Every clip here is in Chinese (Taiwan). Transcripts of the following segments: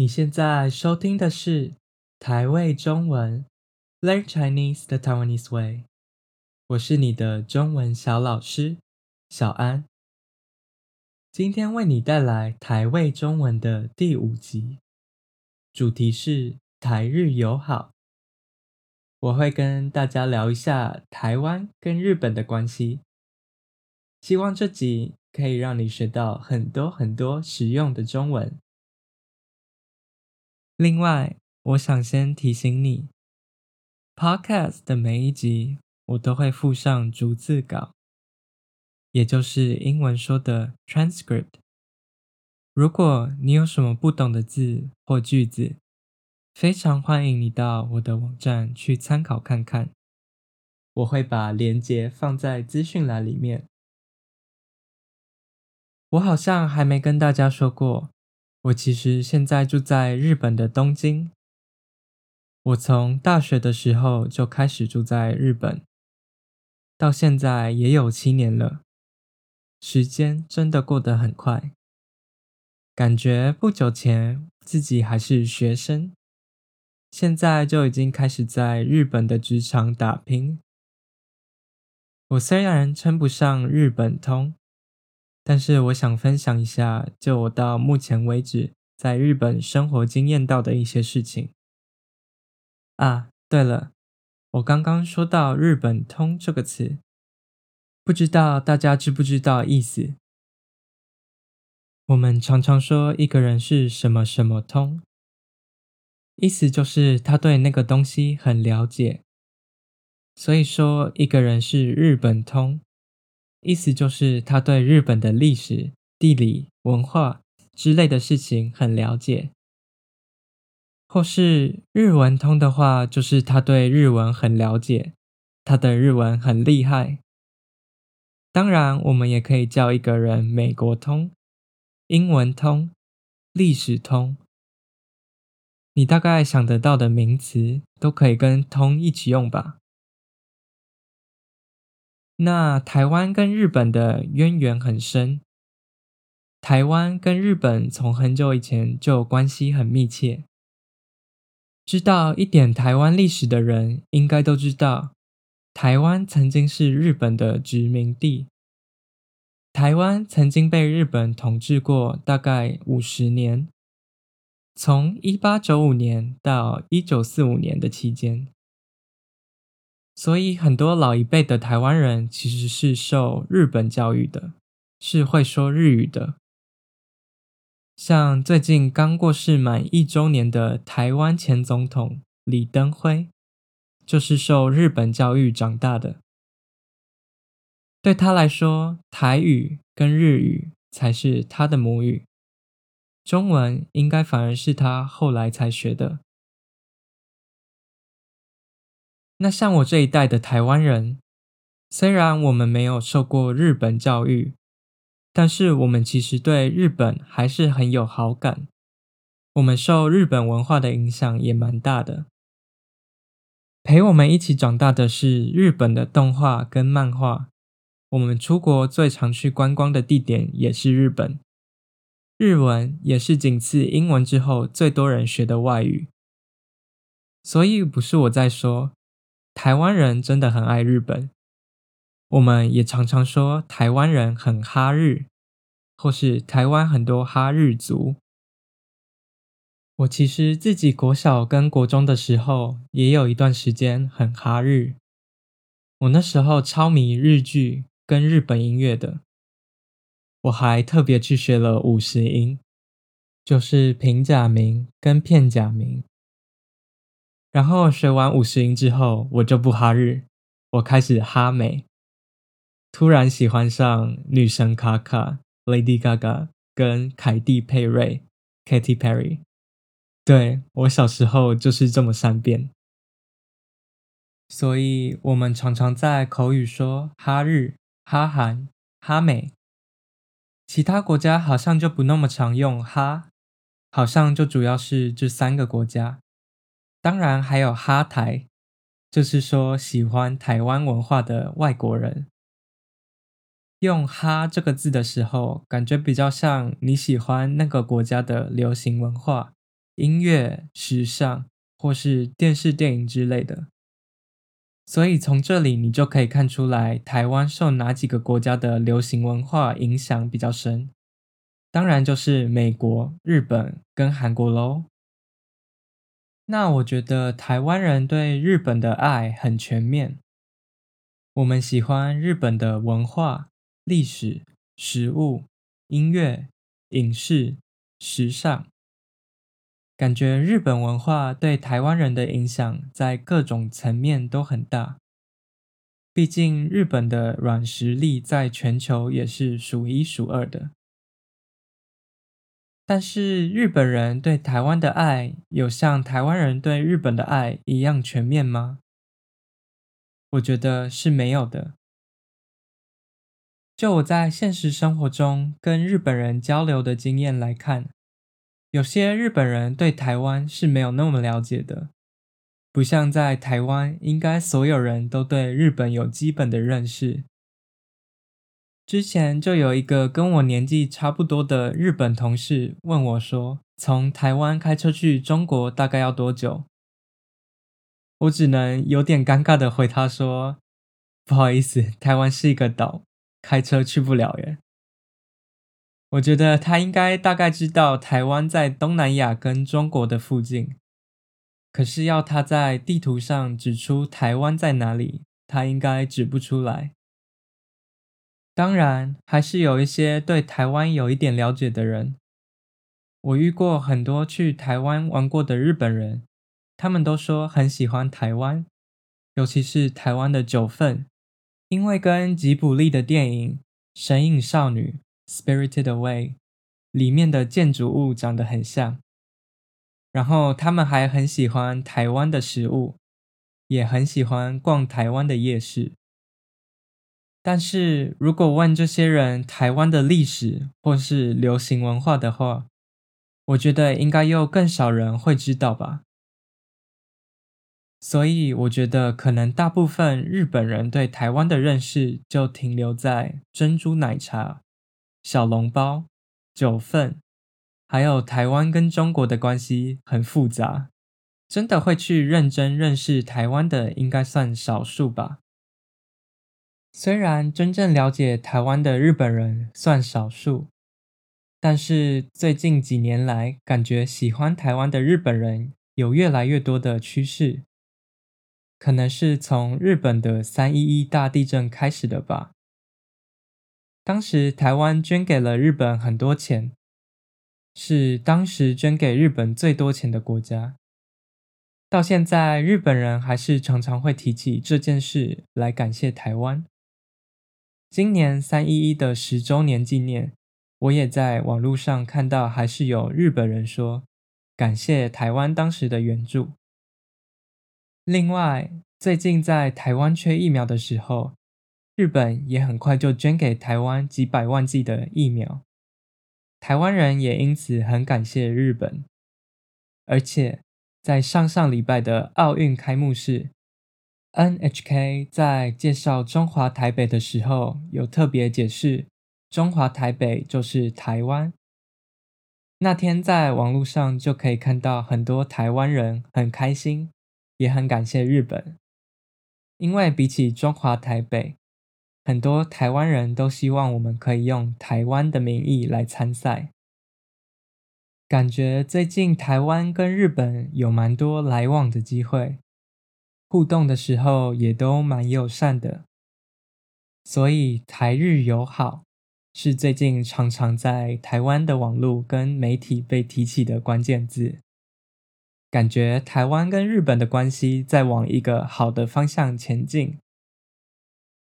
你現在收聽的是台味中文 Learn Chinese the Taiwanese Way，我是你的中文小老師小安。今天為你帶來台味中文的第五集，主題是台日友好。我會跟大家聊一下台灣跟日本的關係。希望這集可以讓你學到很多很多實用的中文。另外，我想先提醒你，Podcast 的每一集我都會附上逐字稿，也就是英文說的 transcript。如果你有什麼不懂的字或句子，非常歡迎你到我的網站去參考看看，我會把鏈接放在資訊欄裡面。我好像還沒跟大家說過。我其實現在住在日本的東京。我從大學的時候就開始住在日本，到現在也有七年了。時間真的過得很快，感覺不久前自己還是學生，現在就已經開始在日本的職場打拼。我雖然稱不上日本通。但是我想分享一下，就我到目前為止在日本生活經驗到的一些事情。啊，對了，我剛剛說到“日本通”這個詞，不知道大家知不知道意思？我們常常說一個人是什麼什麼通，意思就是他對那個東西很了解。所以說一個人是日本通。意思就是他對日本的歷史、地理、文化之類的事情很了解，或是日文通的話，就是他對日文很了解，他的日文很厲害。當然，我們也可以叫一個人美國通、英文通、歷史通。你大概想得到的名詞都可以跟“通”一起用吧。那台灣跟日本的淵源很深。台灣跟日本從很久以前就關係很密切。知道一點台灣歷史的人應該都知道，台灣曾經是日本的殖民地。台灣曾經被日本統治過大概五十年，從一八九五年到一九四五年的期間。所以，很多老一輩的台灣人其實是受日本教育的，是會說日語的。像最近剛過世滿一周年的台灣前總統李登輝，就是受日本教育長大的。對他來說，台語跟日語才是他的母語，中文應該反而是他後來才學的。那像我這一代的台灣人，雖然我們沒有受過日本教育，但是我們其實對日本還是很有好感。我們受日本文化的影響也蠻大的。陪我們一起長大的是日本的動畫跟漫畫。我們出國最常去觀光的地點也是日本。日文也是僅次英文之後最多人學的外語。所以不是我在說。台灣人真的很愛日本，我們也常常說台灣人很哈日，或是台灣很多哈日族。我其實自己國小跟國中的時候，也有一段時間很哈日。我那時候超迷日劇跟日本音樂的，我還特別去學了五十音，就是平假名跟片假名。然後學完五十音之後，我就不哈日，我開始哈美，突然喜歡上女神卡卡 （Lady Gaga） 跟凱蒂佩瑞 （Katy Perry）。對，我小時候就是這麼善變，所以我們常常在口語說哈日、哈韓、哈美，其他國家好像就不那麼常用哈，好像就主要是這三個國家。當然還有哈台，就是說喜歡台灣文化的外國人，用哈這個字的時候，感覺比較像你喜歡那個國家的流行文化、音樂、時尚或是電視電影之類的。所以從這裡你就可以看出來，台灣受哪幾個國家的流行文化影響比較深，當然就是美國、日本跟韓國嘍。那我覺得台灣人對日本的愛很全面，我們喜歡日本的文化、歷史、食物、音樂、影視、時尚，感覺日本文化對台灣人的影響在各種層面都很大。畢竟日本的軟實力在全球也是數一數二的。但是日本人對台灣的愛，有像台灣人對日本的愛一樣全面嗎？我覺得是沒有的。就我在現實生活中跟日本人交流的經驗來看，有些日本人對台灣是沒有那麼了解的，不像在台灣，應該所有人都對日本有基本的認識。之前就有一個跟我年紀差不多的日本同事問我說：“從台灣開車去中國大概要多久？”我只能有點尷尬地回他說：“不好意思，台灣是一個島，開車去不了耶。”我覺得他應該大概知道台灣在東南亞跟中國的附近，可是要他在地圖上指出台灣在哪裡，他應該指不出來。當然，還是有一些對台灣有一點了解的人。我遇過很多去台灣玩過的日本人，他們都說很喜歡台灣，尤其是台灣的九份，因為跟吉卜力的電影《神隱少女》（Spirited Away） 裡面的建築物長得很像。然後他們還很喜歡台灣的食物，也很喜歡逛台灣的夜市。但是如果問這些人台灣的歷史或是流行文化的話，我覺得應該又更少人會知道吧。所以我覺得可能大部分日本人對台灣的認識就停留在珍珠奶茶、小籠包、九份，還有台灣跟中國的關係很複雜。真的會去認真認識台灣的，應該算少數吧。雖然真正了解台灣的日本人算少數，但是最近幾年來，感覺喜歡台灣的日本人有越來越多的趨勢。可能是從日本的三一一大地震開始的吧。當時台灣捐給了日本很多錢，是當時捐給日本最多錢的國家。到現在，日本人還是常常會提起這件事來感謝台灣。今年三一一的十週年紀念，我也在網路上看到，還是有日本人說感謝台灣當時的援助。另外，最近在台灣缺疫苗的時候，日本也很快就捐給台灣幾百萬劑的疫苗，台灣人也因此很感謝日本。而且，在上上禮拜的奧運開幕式，NHK 在介紹中華台北的時候，有特別解釋，中華台北就是台灣。那天在網絡上就可以看到很多台灣人很開心，也很感謝日本，因為比起中華台北，很多台灣人都希望我們可以用台灣的名義來參賽。感覺最近台灣跟日本有蠻多來往的機會。互動的時候也都蠻友善的，所以台日友好是最近常常在台灣的網絡跟媒體被提起的關鍵字。感覺台灣跟日本的關係在往一個好的方向前進，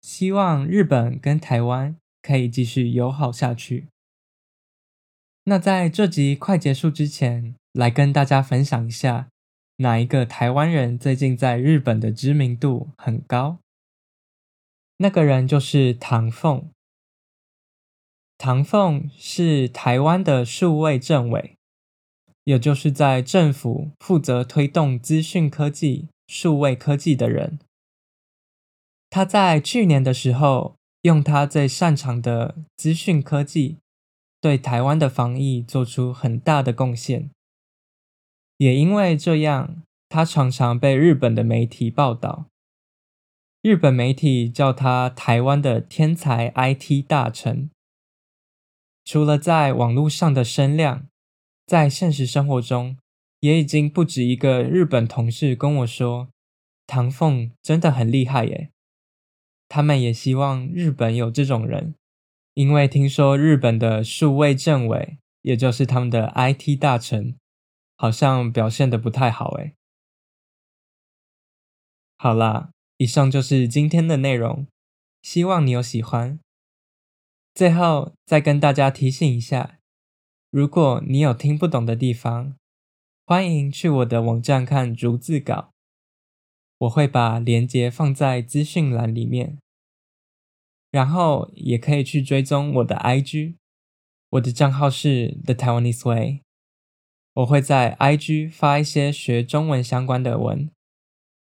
希望日本跟台灣可以繼續友好下去。那在這集快結束之前，來跟大家分享一下。哪一個台灣人最近在日本的知名度很高？那個人就是唐鳳。唐鳳是台灣的數位政委，也就是在政府負責推動資訊科技、數位科技的人。他在去年的時候，用他最擅長的資訊科技，對台灣的防疫做出很大的貢獻。也因為這樣，他常常被日本的媒體報道。日本媒體叫他“台灣的天才 IT 大臣”。除了在網絡上的聲量，在現實生活中，也已經不止一個日本同事跟我說：“唐鳳真的很厲害耶。”他們也希望日本有這種人，因為聽說日本的數位政委，也就是他們的 IT 大臣。好像表現得不太好欸。好啦，以上就是今天的內容，希望你有喜歡。最後再跟大家提醒一下，如果你有聽不懂的地方，歡迎去我的網站看逐字稿，我會把連結放在資訊欄裡面。然後也可以去追蹤我的 IG，我的賬號是 The Taiwanese Way。我會在 IG 發一些學中文相關的文。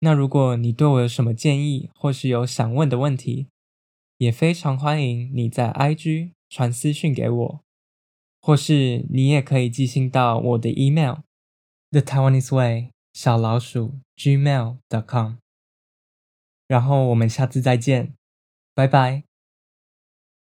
那如果你對我有什麼建議，或是有想問的問題，也非常歡迎你在 IG 傳私訊給我，或是你也可以寄信到我的 email The Taiwanese Way 小老鼠 gmail.com。然後我們下次再見，拜拜。